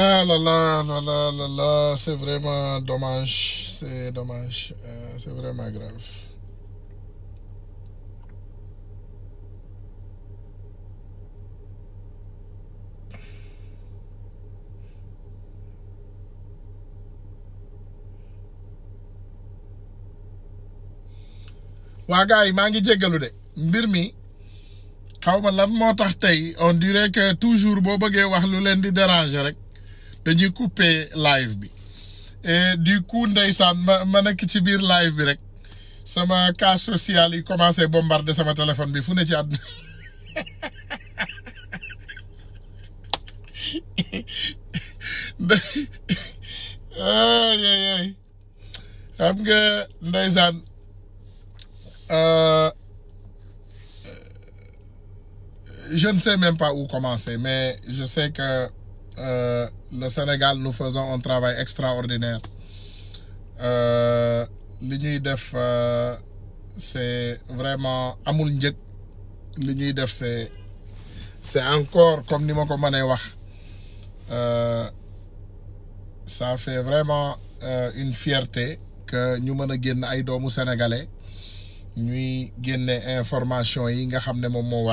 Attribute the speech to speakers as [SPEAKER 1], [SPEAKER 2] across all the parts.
[SPEAKER 1] Ah là là, là là, là là, c'est vraiment dommage, c'est dommage, euh, c'est vraiment grave. Wa gars yi ngi jéggalu mbir mi ma lan moo tax tey on dirait que toujours boo bëggee wax lu leen di déranger couper live et du coup ndaysan ma eu... live bi cas social commencé bombarder sama téléphone bi je ne sais même pas où commencer mais je sais que. Euh, le Sénégal nous faisons un travail extraordinaire euh, li ñuy def euh, c'est vraiment amul L'Union li def c'est c'est encore comme ni mako mané euh, ça fait vraiment une fierté que ñu mën a génn ay doomu sénégalais ñuy génne information yi nga xamné ne mo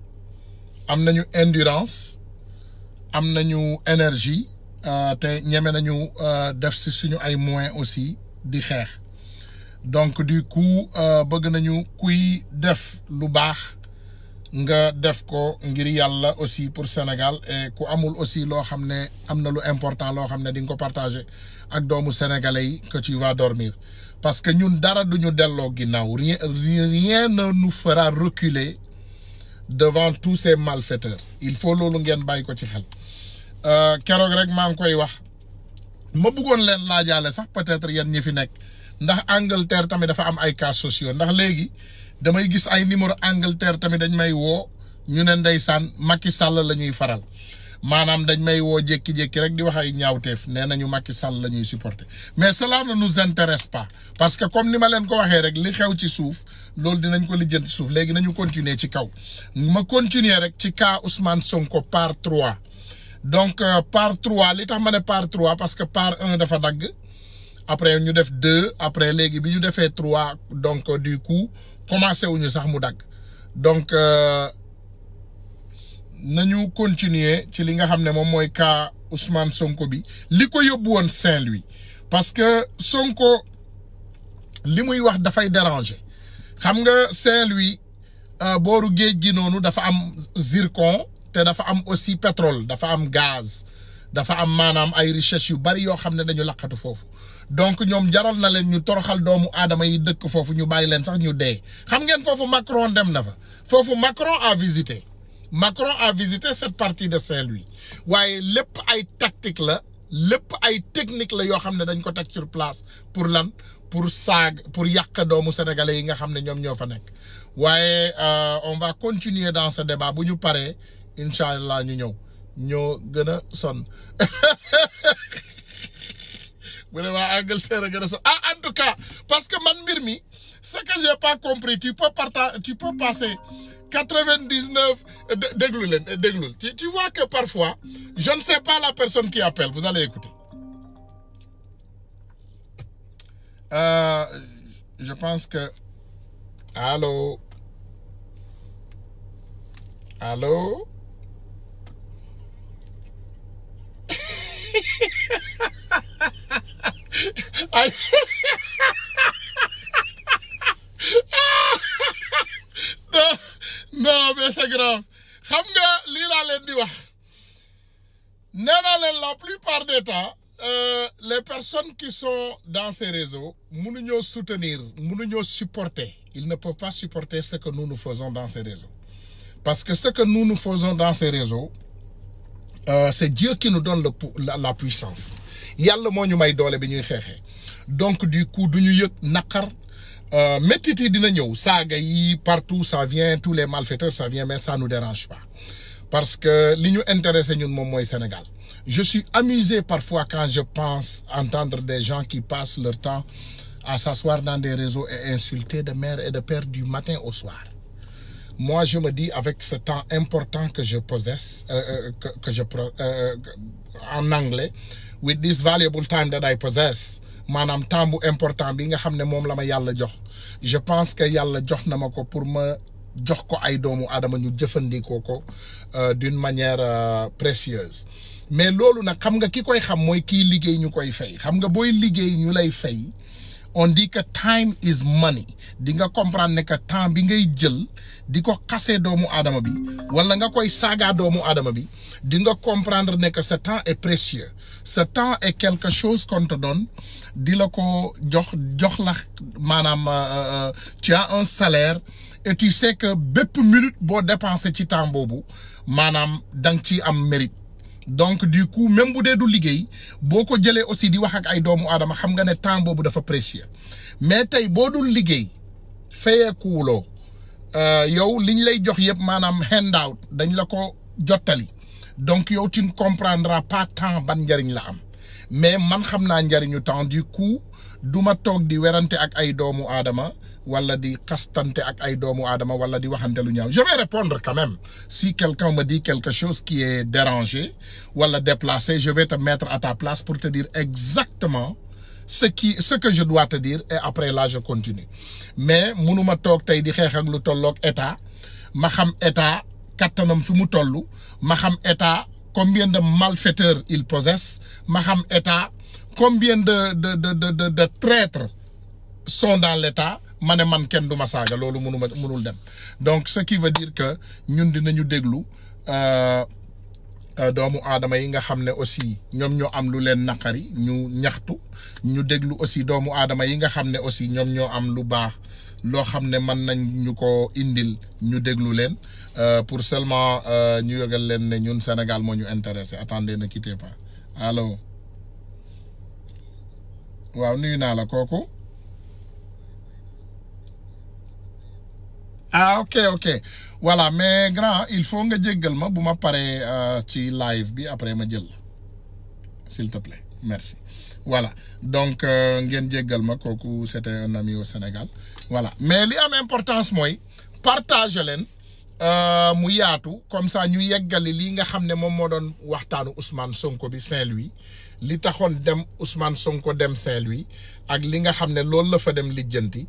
[SPEAKER 1] am nañu endurance am nañu énergie euh, te ñëmé nañu euh, def ci suñu ay moyens aussi di xex donc du coup euh, bëgg nañu kuy def lu baax nga def ko ngir yalla aussi pour Sénégal et ku amul aussi lo xamné amna lu important lo xamné di nga ko partager ak doomu sénégalais que tu vas dormir parce que ñun dara duñu dello ginnaw rien rien ne nous fera reculer devant tous ces malfaiteurs il faut loolu ngeen bàyyi ko ci xel euh, keroog rek maa ngi koy wax ma bëggoon leen laajaale sax peut-être yéen ñi fi nekk ndax Angleterre tamit dafa am ay cas sociaux ndax léegi damay gis ay numéro Angleterre tamit dañ may woo ñu ne ndeysaan Macky Sall la faral manam dañ may wo jekki jekki rek di wax ay ñaawteef nenañu Macky Sall lañuy supporter mais cela ne nous intéresse pas parce que comme nima len ko waxé rek li xew ci souf lool dinañ ko lijeent souf légui nañu continuer ci kaw ma continuer rek ci cas Ousmane Sonko par 3 donc euh, par 3 li tax mané par 3 parce que par 1 dafa dag après ñu def 2 après légui biñu défé 3 donc euh, du coup commencé wuñu sax mu dag donc euh, nañu continuer ci li nga xam ne moom mooy cas Ousmane Sonko bi li ko yóbbu woon Saint-Louis parce que Sonko li muy wax dafay déranger xam nga Saint-Louis euh, booru géej gi noonu dafa am zircon te dafa am aussi petrole dafa am gaz dafa am maanaam ay richesses yu bari yoo xam ne dañu laqatu foofu donc ñoom jaral na leen ñu toroxal doomu aadama yi dëkk foofu ñu bàyyi leen sax ñu dee xam ngeen foofu Macron dem na fa foofu Macron a visité Macron a visité cette partie de Saint-Louis Oui, lepp ay tactique la les ay technique la été dañ sur place pour lan pour sag pour Yakadom, doomu sénégalais yi nga xam ñom Oui, euh, on va continuer dans ce débat Si paré Inshallah, Inch'Allah, ñu ñew ñoo gëna a sonn bu Angleterre ah en tout cas parce que man ce que je n'ai pas compris tu peux tu peux passer 99 eh, eh, tu vois que parfois je ne sais pas la personne qui appelle vous allez écouter euh, je pense que allô allô la plupart des temps euh, les personnes qui sont dans ces réseaux nous soutenir nous supporter ils ne peuvent pas supporter ce que nous nous faisons dans ces réseaux parce que ce que nous nous faisons dans ces réseaux euh, c'est Dieu qui nous donne la, puissance il y may donc du coup nous ñu yëg naqar euh, mais partout ça vient tous les malfaiteurs ça vient mais ça ne nous dérange pas parce que intéresse, c'est que ñun sommes au Sénégal je suis amusé parfois quand je pense entendre des gens qui passent leur temps à s'asseoir dans des réseaux et insulter de mère et de père du matin au soir moi je me dis avec ce temps important que je possède euh, euh, que, je euh, euh, en anglais with this valuable time that I possess temps important bi nga xam la je pense que Yalla jox na pour me jox ko ay doomu aadama ñu jëfandikoo ko euh, d'une manière euh, précieuse mais loolu nag xam nga ki koy xam mooy kii liggéey ñu koy fay xam nga booy liggéey ñu lay fay on di que time is money dinga nga comprendre ne que temps bi ngay jël di ko xasee doomu aadama bi wala nga koy saagaa doomu aadama bi di nga comprendre ne que ce temps est précieux ce temps est quelque chose qu'on te di la ko jox jox la maanaam euh, tu as un salaire et tu que bépp minute boo dépensé ci temps boobu maanaam da ci am mérite donc di coup même bu dee du liggéey boo ko jëlee aussi di wax ak ay doomu aadama xam nga ne temps boobu dafa précieux mais tey boo dul liggéey fayeekuwuloo euh, yow li ñu lay jox yëpp maanaam handout dañ la ko jottali donc yow tu ne comprendras pas temps ban njariñ la am mais man xam naa njariñu temps du ku du ma toog di werante ak ay doomu aadama wala di xastante ak ay doomu aadama wala di waxante lu ñaaw je vais répondre quand même si quelqu'un me dit quelque chose qui est dérangé wala déplacé je vais te mettre à ta place pour te dire exactement ce qui ce que je dois te dire et après là je continue mais munuma tok tay di xex ak lu tolloog état ma xam état kattanam fi mu toll ma xam état combien de malfaiteurs il possède ma xam état combien de de de de de traîtres sont dans l'état mané man kenn ma dem donc ce qui veut dire que ñun dinañu déglu euh, euh, doomu adama yi nga xamné aussi ñom ñoo am lu leen nakari ñu ñaxtu ñu déglu aussi doomu aadama yi nga xamné aussi ñom ñoo am lu baax lo nañ indil ñu déglu euh, pour seulement ñu ñun Sénégal nous ñu intéressé attendez ne quittez pas Allô. waaw nuyu naa la kooku. ah ok ok voilà mais grand il faut nga jéggal ma bu ma paree euh, ci live bi après ma jël s'il te plaît merci voilà donc euh, ngeen djegal ma kooku c'était un ami au Sénégal voilà mais li am importance mooy partage euh mu yaatu comme ça ñu yeggali li nga xamné mom mo doon Ousmane Sonko bi Saint-Louis li taxone dem Ousmane Sonko dem Saint-Louis ak li nga xamné loolu la fa dem lijjanti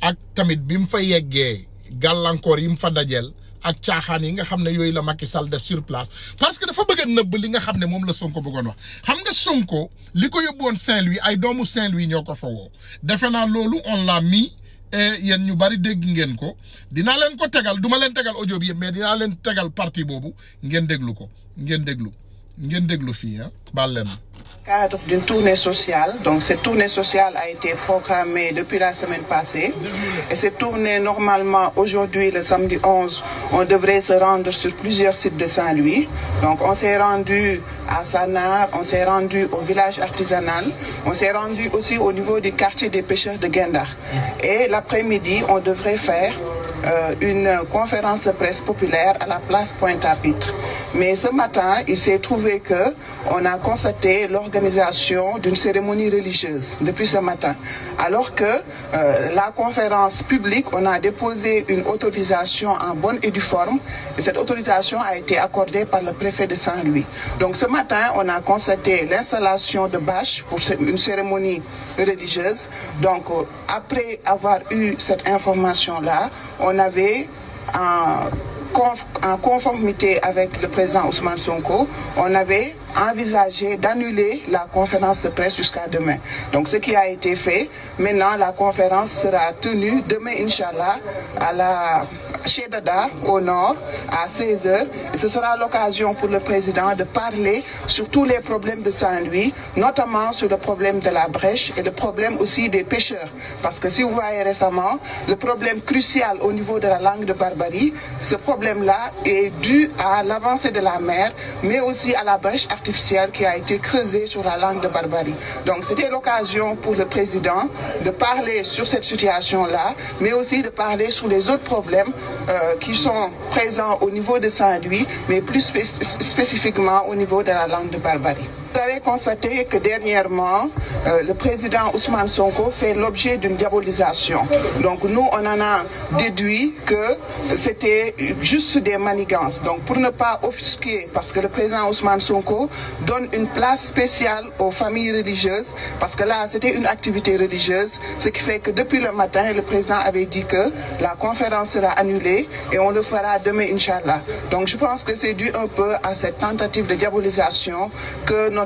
[SPEAKER 1] ak tamit bi mu fa yeggé gàllankoor yi mu fa dajeel ak caaxaan yi nga xam ne yooyu la Macky sal def sur place parce que dafa bëgg a nëbb li nga xam ne moom la Sonko bëggoon wax xam nga Sonko li ko yóbbu woon Saint-Louis ay doomu Saint-Louis ñoo ko fa woo defe naa loolu on l'a mis eh, yéen ñu bari dégg ngeen ko dinaa leen ko tegal duma leen tegal audio bi mais dinaa leen tegal parti boobu ngeen déglu ko ngeen déglu ngeen déglu fii ah. ballem.
[SPEAKER 2] cadre d'une tournée sociale. Donc cette tournée sociale a été programmée depuis la semaine passée. Et cette tournée, normalement, aujourd'hui, le samedi 11, on devrait se rendre sur plusieurs sites de Saint-Louis. Donc on s'est rendu à Sanar, on s'est rendu au village artisanal, on s'est rendu aussi au niveau du quartier des pêcheurs de Gendar. Et l'après-midi, on devrait faire euh, une conférence de presse populaire à la place Pointe-à-Pitre. Mais ce matin, il s'est trouvé que on a constaté l'organisation d'une cérémonie religieuse depuis ce matin. Alors que euh, la conférence publique, on a déposé une autorisation en bonne et due forme. Et cette autorisation a été accordée par le préfet de Saint-Louis. Donc ce matin, on a constaté l'installation de bâches pour une cérémonie religieuse. Donc euh, après avoir eu cette information-là, on avait en conformité avec le président Ousmane Sonko, on avait envisagé d'annuler la conférence de presse jusqu'à demain. Donc ce qui a été fait, maintenant la conférence sera tenue demain, Inch'Allah, à la chez Dada, au nord, à 16h. ce sera l'occasion pour le président de parler sur tous les problèmes de Saint-Louis, notamment sur le problème de la brèche et le problème aussi des pêcheurs. Parce que si vous voyez récemment, le problème crucial au niveau de la langue de Barbarie, ce problème-là est dû à l'avancée de la mer, mais aussi à la brèche, artificielle qui a été creusée sur la langue de Barbarie. Donc c'était l'occasion pour le président de parler sur cette situation-là, mais aussi de parler sur les autres problèmes euh, qui sont présents au niveau de Saint-Louis, mais plus spécifiquement au niveau de la langue de Barbarie vous avez constaté que dernièrement, euh, le président Ousmane Sonko fait l'objet d'une diabolisation. Donc nous, on en a déduit que c'était juste des manigances. Donc pour ne pas offusquer, parce que le président Ousmane Sonko donne une place spéciale aux familles religieuses, parce que là, c'était une activité religieuse, ce qui fait que depuis le matin, le président avait dit que la conférence sera annulée et on le fera demain, Inch'Allah. Donc je pense que c'est dû un peu à cette tentative de diabolisation que notre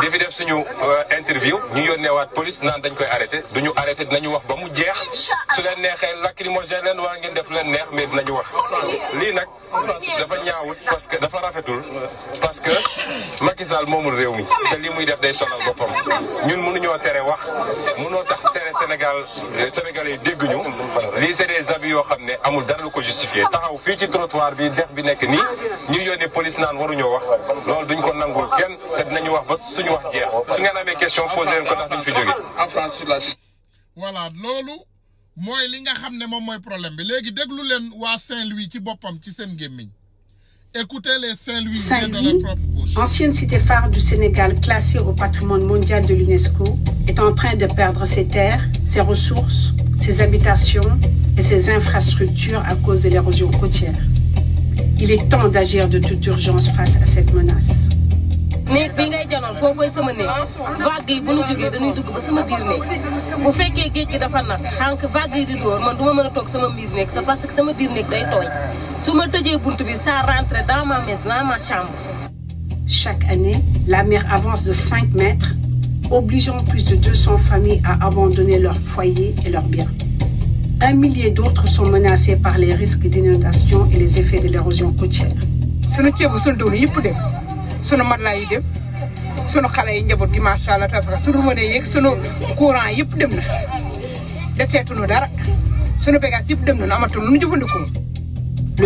[SPEAKER 3] bi bi def suñu euh, interview ñu yónneewaat police naan dañ koy arrêté duñu arrêté dinañu wax ba mu jeex su leen neexee lacrymogène leen war ngeen def leen neex mais dinañu wax lii nag dafa ñaawut parce que dafa rafetul parce que Macky Sall moomul réew mi te lii muy def day sonal boppam ñun mënuñoo tere wax mënoo tax tere Sénégal Sénégalais yi dégg ñu lii c'est des yoo xam ne amul dara lu ko justifié taxaw fii ci trottoir bi def bi nekk nii ñu yónnee police naan waruñoo wax loolu duñ ko nangul kenn dinañu wax ba saint
[SPEAKER 1] ancienne
[SPEAKER 4] cité phare du Sénégal classée au patrimoine mondial de l'UNESCO est en train de perdre ses terres ses ressources ses habitations et ses infrastructures à cause de l'érosion côtière il est temps d'agir de toute urgence face à cette menace néeg bii ngay janoon foofooy sama néeg vague yi bu nu jógee dañuy dugg ba sama biir néeg
[SPEAKER 5] bu fekkee géej gi dafa nas xànk vague yi di dóor man du ma mën a toog sama biir néeg c'est parce que sama biir néeg day tooy su ma tëjee bunt bi ça rentre dans ma maison dans ma chambre.
[SPEAKER 4] Chaque année, la mer avance de 5 mètres, obligeant plus de 200 familles à abandonner leurs foyers et leurs biens. Un millier d'autres sont menacés par les risques d'inondation et les effets de l'érosion côtière. Le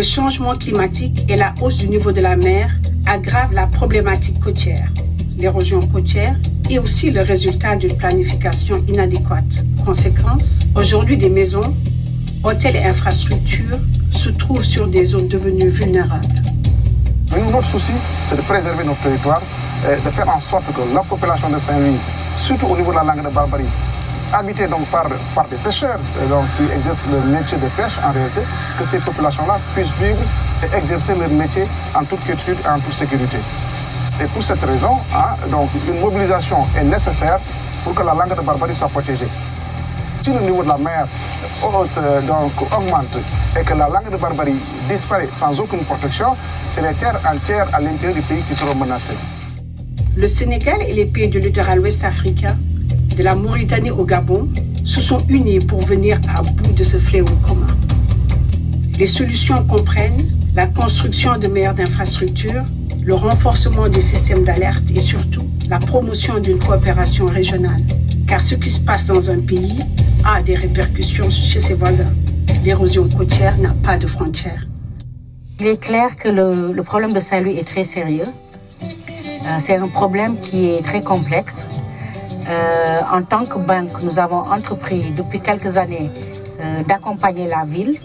[SPEAKER 4] changement climatique et la hausse du niveau de la mer aggravent la problématique côtière, l'érosion côtière et aussi le résultat d'une planification inadéquate. Conséquence, aujourd'hui des maisons, hôtels et infrastructures se trouvent sur des zones devenues vulnérables
[SPEAKER 6] notre souci, c'est de préserver notre territoire, et de faire en sorte que la population de Saint-Louis, surtout au niveau de la langue de Barbarie, habitée donc par, des pêcheurs qui exercent leur métier de pêche en réalité, que ces populations-là puissent vivre et exercer leur métier en toute quiétude et en toute sécurité. Et pour cette raison, hein, donc, une mobilisation est nécessaire pour que la langue de Barbarie soit protégée sur le niveau de la mer oh, augmente et que la langue de barbarie
[SPEAKER 4] disparaît sans aucune protection, c'est les terres entières à l'intérieur du pays qui seront menacées. Le Sénégal et les pays du littoral ouest africain, de la Mauritanie au Gabon, se sont unis pour venir à bout de ce fléau commun. Les solutions comprennent la construction de meilleures infrastructures, le renforcement des systèmes d'alerte et surtout la promotion d'une coopération régionale car ce qui se passe dans un pays a des répercussions chez ses voisins. L'érosion côtière n'a pas de frontières. Il est clair que le, problème de Saint-Louis est très sérieux. Euh, c'est un problème qui est très complexe. Euh, en tant que banque, nous avons entrepris depuis quelques années euh, d'accompagner la ville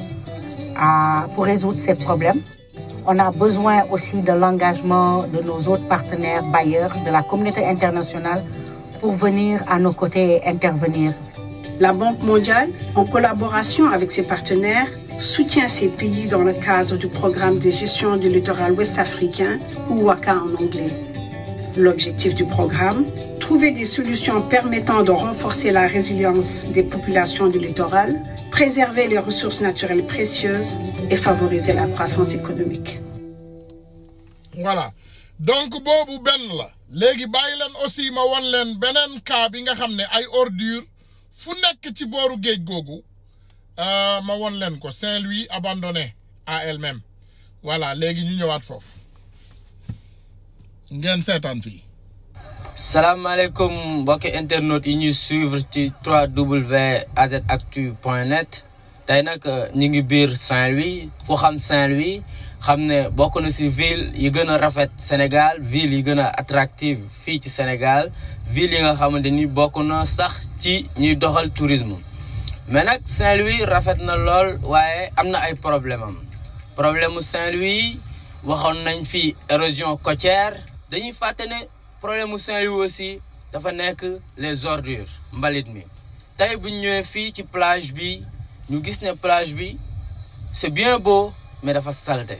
[SPEAKER 4] pour résoudre ces problèmes. On a besoin aussi de l'engagement de nos autres partenaires bailleurs, de la communauté internationale pour venir à nos côtés et intervenir. La Banque mondiale, en collaboration avec ses partenaires, soutient ces pays dans le cadre du programme de gestion du littoral ouest africain, ou WACA en anglais. L'objectif du programme, trouver des solutions permettant de renforcer la résilience des populations du littoral, préserver les ressources naturelles précieuses et favoriser la croissance économique.
[SPEAKER 1] Voilà. donc boobu benn la léegi bàyyi leen aussi ma wan leen beneen cas bi nga xam ne ay ordure fu nekk ci booru géej googu euh, ma won leen ko Saint-Louis abandonné à voilà léegi ñu ñëwaat foofu ngeen
[SPEAKER 7] seetaan fii salaamaaleykum mbokki internautes yi ñuy suivre ci 3W azactu point net tey nag euh, ñu ngi biir Saint-Louis ku xam saint xamné ne bokk na si ville yi gëna a rafet Sénégal ville yi gëna attractive fi ci Sénégal ville yi nga xamante ni bokk na sax ci ñuy doxal tourisme mais nak Saint-Louis rafet na lool waaye amna ay problème am problème Saint-Louis waxon nañ fi érosion côtière dañuy faté né problème Saint-Louis aussi dafa nek les ordures mbalit mi tay bu ñëwé fi ci plage bi ñu gis né plage bi c'est bien beau mais dafa salté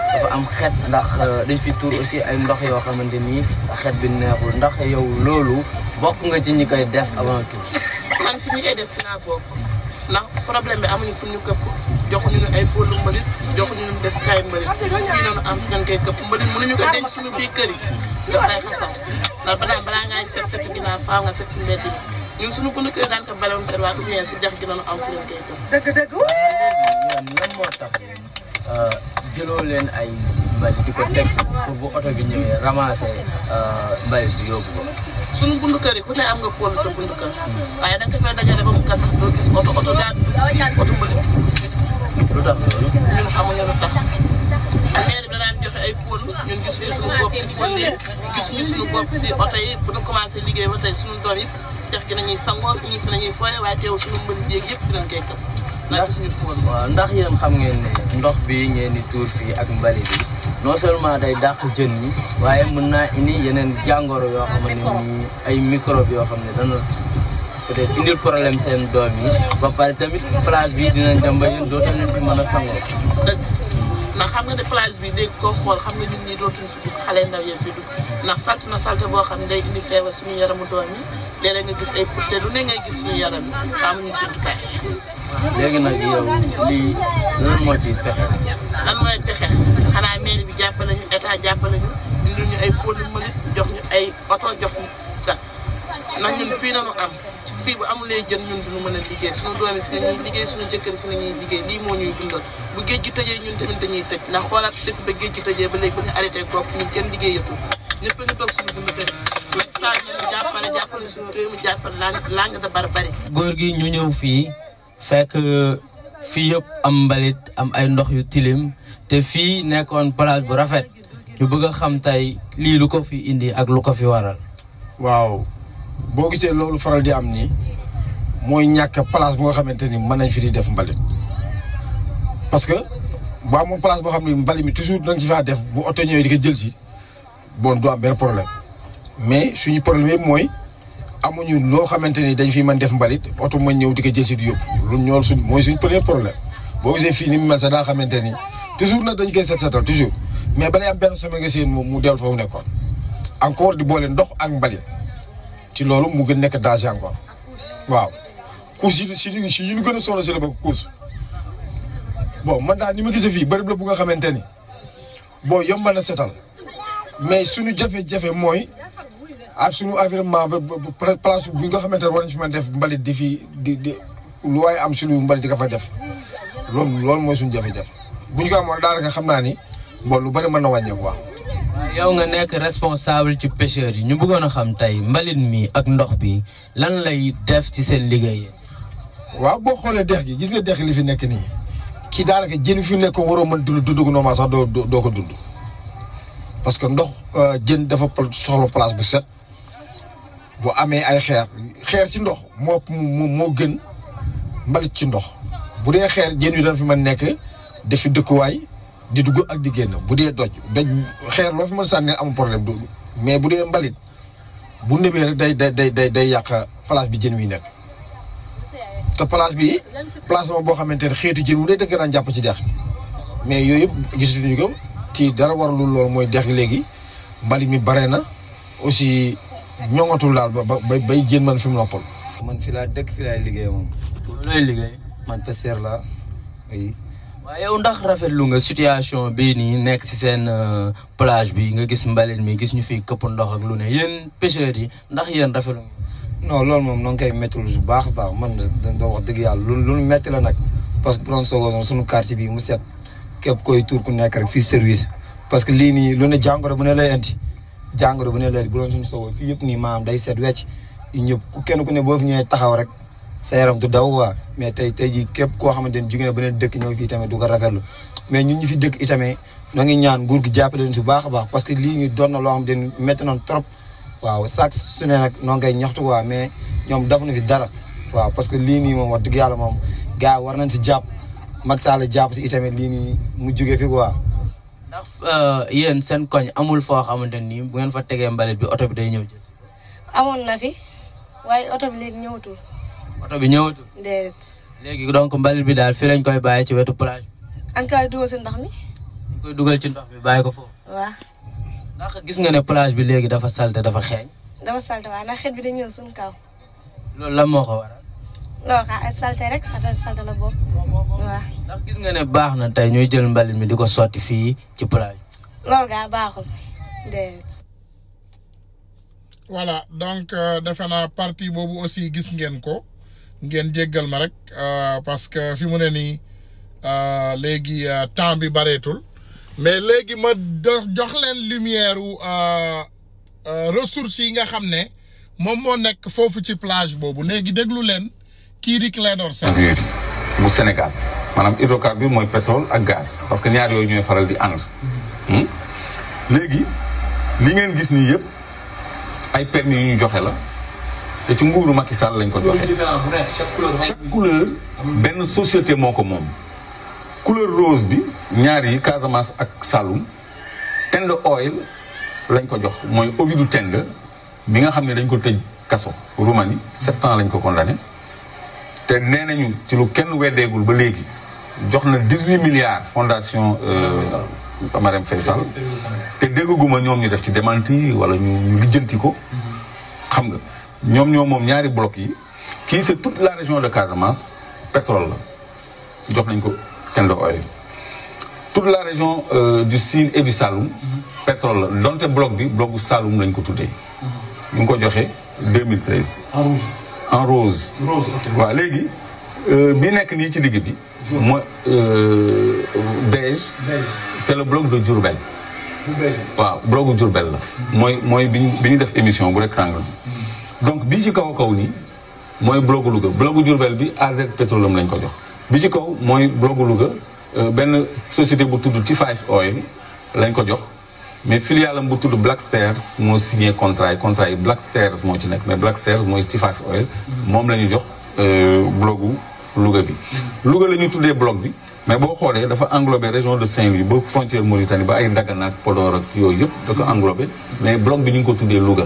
[SPEAKER 7] dafa am xet ndax euh, dañ fi tuur aussi ay ndox yoo xamante ni xet bi neexul ndax yow loolu bokk nga ci ñi koy def avant
[SPEAKER 5] man fi ñu koy def si naa bokk ndax bi amuñu fu ñu këpp joxuñu def kaay mbalit fii noonu am fi ngeen koy këpp mbalit ko denc suñu biir kër yi daan ko balewoon seet waa ko bien si dex gi noonu am fi ngeen koy këpp.
[SPEAKER 7] dëgg dëgg. lan jëloo ay mbalit di ko pour bu oto bi ñëwee ramassé mbalit euh, bi yóbbu ko.
[SPEAKER 5] suñu bundu kër ku ne am nga pôle sa bundu kër. Hmm. waaye da nga ko fay ba mu gas sax doo gis oto oto daal oto mbalit lu tax loolu ñun xamuñu lu tax. maire bi joxe ay pôle ñun gisuñu suñu yi suñu yi bu ñu commencé liggéey ba suñu doom yi gi nañuy sangoo fi nañuy suñu fi
[SPEAKER 7] ndax waaw ndax yéen xam ngeen ne ndox bi ngeen di tuur fii ak mbali bi noo seulement day dàq jën yi waaye mën naa indi yeneen jàngoro yoo xam ne nii ay microbe yoo xam ne dana peut-être indil problème seen doom yi ba pare tamit plage bi dina dem ba yéen dootal leen fi mën a sangoo.
[SPEAKER 5] ndax xam nga ne plage bi léegi koo xool xam na nit ñi dootuñ fi dugg xale ndaw ya fi dugg ndax salte na salte boo xam ne day indi feebar suñu yaramu doom yi léeg-léeg nga gis ay putte lu ne ngay gis suñu yaram yi amuñu jumtukaay. léegi nag yow lii lan moo ciy pexe. lan xanaa mairie bi jàppale nañu état jàppale ñu indil ñu ay pôles yu jox ñu ay pato jox ñu da ndax ñun fii nañu am. fii bu amulee jën ñun duñu
[SPEAKER 7] góor gi ñu ñëw fii fekk fii yëpp am mbalit am ay ndox yu tilim te fii nekkoon place bu rafet ñu bëgg a xam lii lu ko fi indi ak lu ko fi waral
[SPEAKER 6] waaw boo gisee loolu faral di am nii mooy ñàkk place boo xamante ni mën nañ fi di def mbalit parce que bu amoon place boo xam ne mbalit mi toujours dañ ci faa def bu oto di ko jël ci bon du am problème mais suñu problème yëpp mooy amuñu loo xamante ni dañ fi mën def mbalit oto ma ñëw di ko jël ci di yóbbu loolu ñool suñ mooy suñ premier problème boo gisee fii ni mu mel sax daa xamante ni toujours nag dañ koy set setal toujours mais balay am benn semaine nga seen moom mu dellu fa nekkoon encore di boolee ndox ak mbalit ci loolu mu gën nekk danger encore waaw couche yi si si yi ñu gën a sonal si la bokk bo man daal ni ma gisee fii bërëb la bu nga xamante ni bon yombal na setal mais suñu jafe-jafe mooy ak suñu environnement ba place bu nga xamante ne war nañu fi mën def mbalit di fi di di lu waaye am suñu mbalit di ka fa def loolu loolu mooy suñu jafe-jafe bu ñu ko amoon daanaka xam naa ni bon lu bari mën a wàññeeku waaw
[SPEAKER 7] yow nga nekk responsable ci pêcheurs yi ñu bëggoon a xam tey mbalit
[SPEAKER 6] mi ak ndox bi lan lay def ci seen liggéey. waaw boo xoolee dex gi gis nga dex li fi nekk nii kii daanaka jën fi nekk waroo mën dund dund ko normal sax doo doo ko dund parce que ndox euh, jën dafa soxla place bu set bu amee ay xeer xeer ci ndox moo moo gën mbalit ci ndox bu dee xeer jën wi dafa fi mën nekk def fi dëkkuwaay. di dugg ak di genn bu dee doj doj xéer lo fi mëna sànni am problème du mais bu dee mbalit bu nebee rek day day day day day place bi jën wi nek te place bi place mo bo xamante xéetu xeetu wu ne dëgg daan japp ci dex mais yooyu yëpp ñu ko ci dara war lu lool moy dex légui mbalit mi baré na aussi ñongatul dal ba ba bay jën man fi mu noppal.
[SPEAKER 7] man fi la dëkk fi la liggéey mom looy liggéey.
[SPEAKER 6] man pêcheur la oui.
[SPEAKER 7] waaw yow ndax rafetlu nga situation bii nii nekk si seen euh, plage bi nga gis mbalit mi gis ñu fi këpp ndox ak lu ne yéen pêcheurs yi ndax
[SPEAKER 6] yéen rafet nga. no loolu moom noo ngi koy méttiwul bu baax a baax man da wax dëgg yàlla lu lu métti la nag parce que bu doon soog suñu quartier bi mu set képp koy tur ku nekk rek fii service parce que lii nii lu ne jàngoro bu ne lay indi jàngoro bu ne lay bu doon suñu soog fii yëpp nii maam day set wecc ñëpp ku kenn ku ne boo ñëwee taxaw rek. sa yaram du daw quoi mais tey tey jii képp koo xamante ni jóge na beneen dëkk ñëw fii tamit du ko rafetlu mais ñu fi dëkk itamit ñoo ngi ñaan nguur gi jàppale leen su baax baax parce que lii fi dara waaw parce que lii nii moom wax dëgg yàlla moom gars war nañ si jàpp Macky Sall jàpp si itamit lii nii mu jóge fi quoi. ndax euh,
[SPEAKER 7] yéen seen koñ amul foo xamante ni bu ngeen fa tegee mbalit bi oto bi day ñëw jël. oto bi ñëwatul. déedéet. léegi donc mbalit bi daal fii koy bàyyi ci wetu plage bi. ANCAR dugal koy dugal ci ndox mi bàyyi ko foofu.
[SPEAKER 5] waaw. ndax gis nga ne
[SPEAKER 7] plage bi léegi dafa salte dafa xeeñ.
[SPEAKER 5] dafa salte waaw ndax xet bi dañ ñëw suñu kaw.
[SPEAKER 7] loolu lan moo ko waral.
[SPEAKER 5] loo xam ay salte rek affaire salte la boobu. waaw. ndax gis
[SPEAKER 7] nga ne baax na tey ñuy jël mbalit mi di ko sotti fii ci plage.
[SPEAKER 5] loolu gaa baaxul déedéet.
[SPEAKER 1] voilà donc euh, defe naa partie boobu aussi gis ngeen ko. ngeen jéggal ma rek euh, parce que fi mu ne nii euh, léegi euh, temps bi bareetul mais léegi ma jox leen lumière wu ressources yi nga xam ne moom moo nekk foofu ci plage boobu léegi déglu leen kii di Clédor Sène
[SPEAKER 3] bu Sénégal maanaam bi mooy pétrole ak gaz parce que ñaar yooyu ñooy faral di ànd hmm? léegi li ngeen gis nii yëpp ay permis yu ñu joxe la te ci nguuru Macky Sall lañ ko joxe chaque couleur benn société moo ko moom couleur rose bi ñaar yi Casamance ak Saloum Tende Oil lañ ko jox mooy Ovidiu Tende bi nga xam ne dañ ko tëj kaso Roumanie sept ans lañ ko condamné te nee nañu ci lu kenn weddeegul ba léegi jox na dix-huit milliards fondation euh, Marème Faye Sall te déggaguma ñoom ñu def ci démenti wala ñu ñu lijjanti ko mhm. xam nga ñom ñoo mom ñaari bloc yi ki c'est toute la région de Casamance pétrole la jox nañ ko Tendo Oil toute la région euh, du Sine et du Saloum mm-hmm. pétrole la donte bloc bi bloc bu Saloum lañ ko tuddee. Mm-hmm. ñu ko joxé 2013. en rose en rose. rose waaw léegi euh, bi nekk nii ci digg bi. mooy euh, beige. beige c'est le bloc de Djurbel. waaw bloc de Djurbel. la. Mm-hmm. mooy mooy bi ñu def émission bu rectangle donc bi ci kaw kaw nii mooy blogu Louga blogu Diourbel bi AZ Petroleum lañ ko jox bi ci kaw mooy blogu Louga euh, société bu tudd T5 Oil lañ ko jox mais filiale am bu tudd Black Stars, moo signé contrat yi contrat yi Black Stars, moo ci nekk mais Black Stars, mooy T5 Oil moom la ñu jox euh, blogu Louga bi Louga la ñu tuddee blog bi mais boo xoolee dafa englobé région de Saint-Louis ba frontière Mauritanie ba ay Dagana ak Podor ak yooyu da ko englobé mais blog bi ñu ngi ko tuddee Louga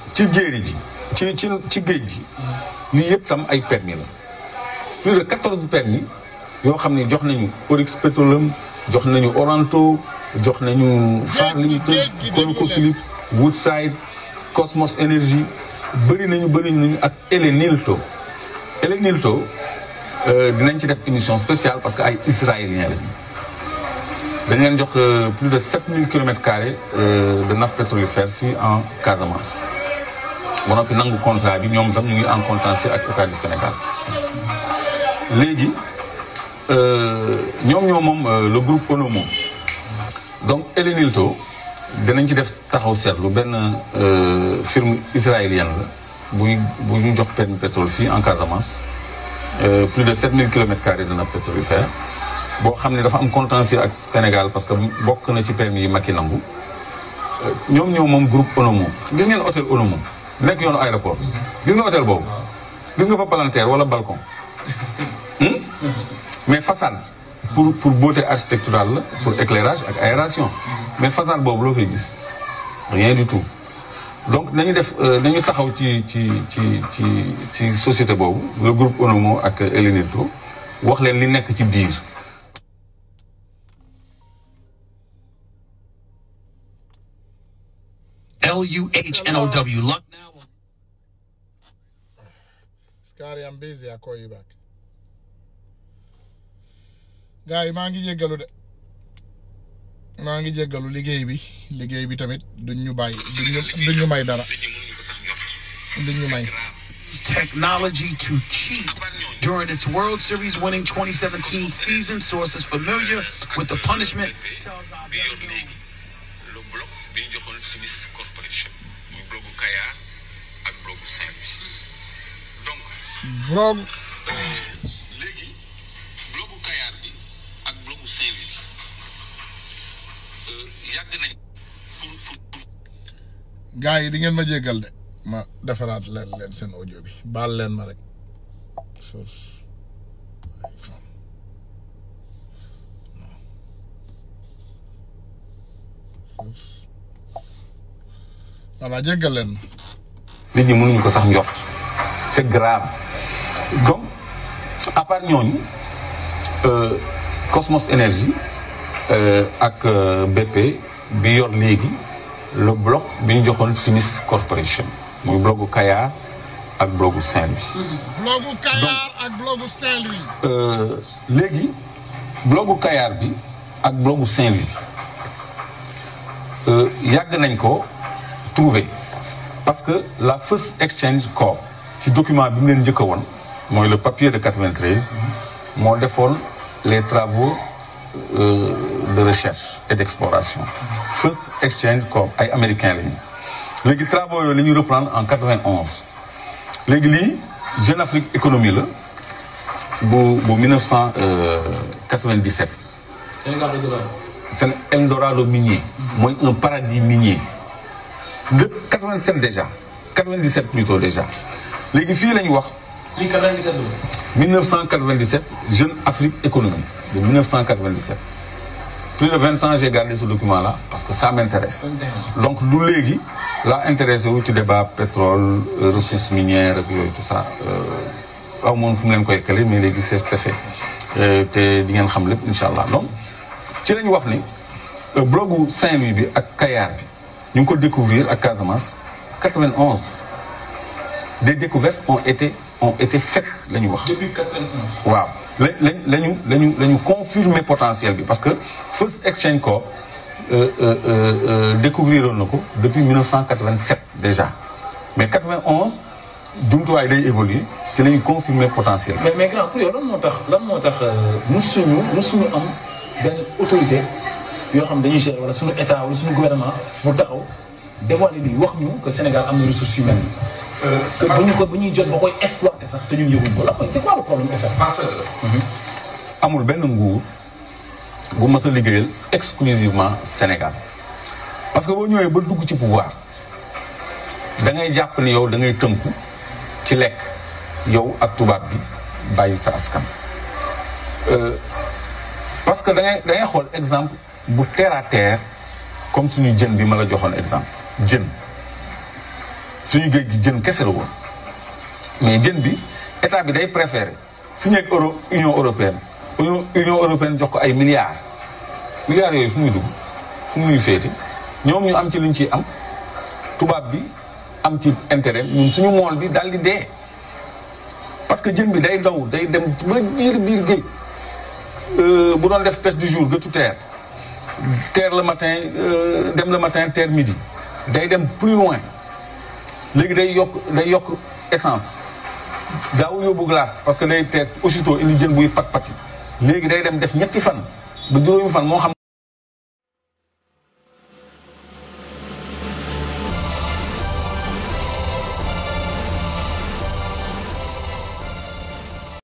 [SPEAKER 3] ci jéeri ci ci ci géej gi ni yépp tam ay permis la plus de quatorze permis yoo xam ne jox nañu Oryx Petroleum jox nañu Oranto jox nañu Far Limited ConocoPhillips Woodside Cosmos Energy bëri nañu bëri nañu ak Elenilto Elenilto euh, dinañ ci def émission spéciale parce que ay israéliens lañu dañ leen jox euh, plus de 7000 km2 euh, de nappe pétrolifère fii en Casamance ba noppi nangu contrat bi ñoom tam ñu ngi en ak état du Sénégal léegi euh, ñoom ñoo moom euh, le groupe Ono moom donc Elenilto dinañ ci def taxaw seetlu benn euh, firme israélienne la buy bu ñu jox benn pétrole fii en Casamance plus de 7000 kilomètres carrés dana pétrolifère boo xam ne dafa am contentieux ak Sénégal parce que bokk na ci permis yi Macky nangu ñoom ñoo moom groupe Ono moom gis ngeen hôtel Ono nek yoonu aéroport gis nga hôtel boobu gis nga fa palanteer wala balcon hmm? mais façade pour pour beauté architecturale pour éclairage ak aération mais façade boobu lo fay gis rien du tout donc nañu def euh, nañu taxaw ci ci ci ci ci société boobu le groupe Onomo ak Elinito wax len li nek ci biir L-U-H-N-O-W
[SPEAKER 1] Daddy, I'm busy. I'll call you back. gars yi maa ngi de maa ngi jéggalu liggéey bi liggéey bi tamit duñ ñu bàyyi duñ may dara duñ may. technology to cheat during its World Series winning 2017 season. Sources familiar with the punishment. blog
[SPEAKER 3] léegi blogu Kayar bi ak blogu saint bi euh, yàgg nañ
[SPEAKER 1] pour di ngeen ma jéggal de ma defaraat leen leen seen audio bi baal leen ma rek source iPhone voilà jéggal leen
[SPEAKER 3] ma nit ñi mënuñu ko sax njort c'est donc à part ñooñu euh, Cosmos Energy euh, ak euh, BP bi yor léegi le bloc bi ñu joxoon Timis Corporation mooy blocu Kayar ak blocu Saint-Louis.
[SPEAKER 1] Mm-hmm. blocu Kayar ak blocu Saint-Louis.
[SPEAKER 3] léegi blocu Kayar bi ak blocu Saint-Louis yàgg nañ ko trouver parce que la First Exchange Corp ci document bi mu leen njëkk woon. le papier de 93 Mon défaut les travaux euh, de recherche et d'exploration first exchange corp américain Les travaux les en 91 L'église Jeune Afrique économie le, 1997. C'est Eldorado. minier. Moi, un paradis minier. de 87 déjà 97 plutôt déjà Les filles les 1997 Jeune Afrique économique de 1997 plus de 20 ans j'ai gardé ce document là parce que ça m'intéresse donc lu là intéressé Tu débat pétrole euh, ressources minières tout ça là au moins, mu leen koy mais c'est fait euh, Tu di ngeen xam Inch'Allah. Donc, tu donc nous lañu wax ni euh, blogu Saint-Louis à Kayar bi avons découvert ko découvrir 91 des découvertes ont été ont été faits wax. depuis 91. waaw nous la la le potentiel parce que First Exchange euh, découvrir euh, euh, euh na depuis 1987 déjà mais 91 jumtuwaay day évoluer ci la ñu confirmer potentiel mais mais grand pour yow lan moo nous lan nous sommes mosuñu am autorité nous xam dañuy gérer wala suñu état wala gouvernement mu taxaw dévoiler ni wax ñu que Sénégal am na ressource humaine euh, que bu ñu ko bu ñuy jot bakoy exploiter sax te ñun yëguñ ko la c'est quoi le problème parce que mhm. amul ben nguur bu mas a liggéeyal exclusivement Sénégal parce que bo ñëwee ba dugg ci pouvoir da ngay japp ni yow da ngay tënku ci lekk yow ak tubaab bi bàyyi sa askan euh, parce que da ngay da ngay xol exemple bu terre à terre comme suñu jën bi ma la joxoon exemple jën suñu géej gi jën kese ko mais jën bi état bi day préféré signé ak euro union européenne union européenne jox ko ay milliards milliards yooyu fu muy dugg fumuy féete ñoom ñu am ci luñ ciy am tubaab bi am ci intérêt ñun suñu mool bi daal di dee parce que jën bi day daw day dem ba biir biir géej euh, bu doon def pêche du jour gëtu terre terre le matin euh, dem le matin terre midi day plus loin les day essence glace parce que les têtes, aussitôt ils ne sont pat pati day dem def ñetti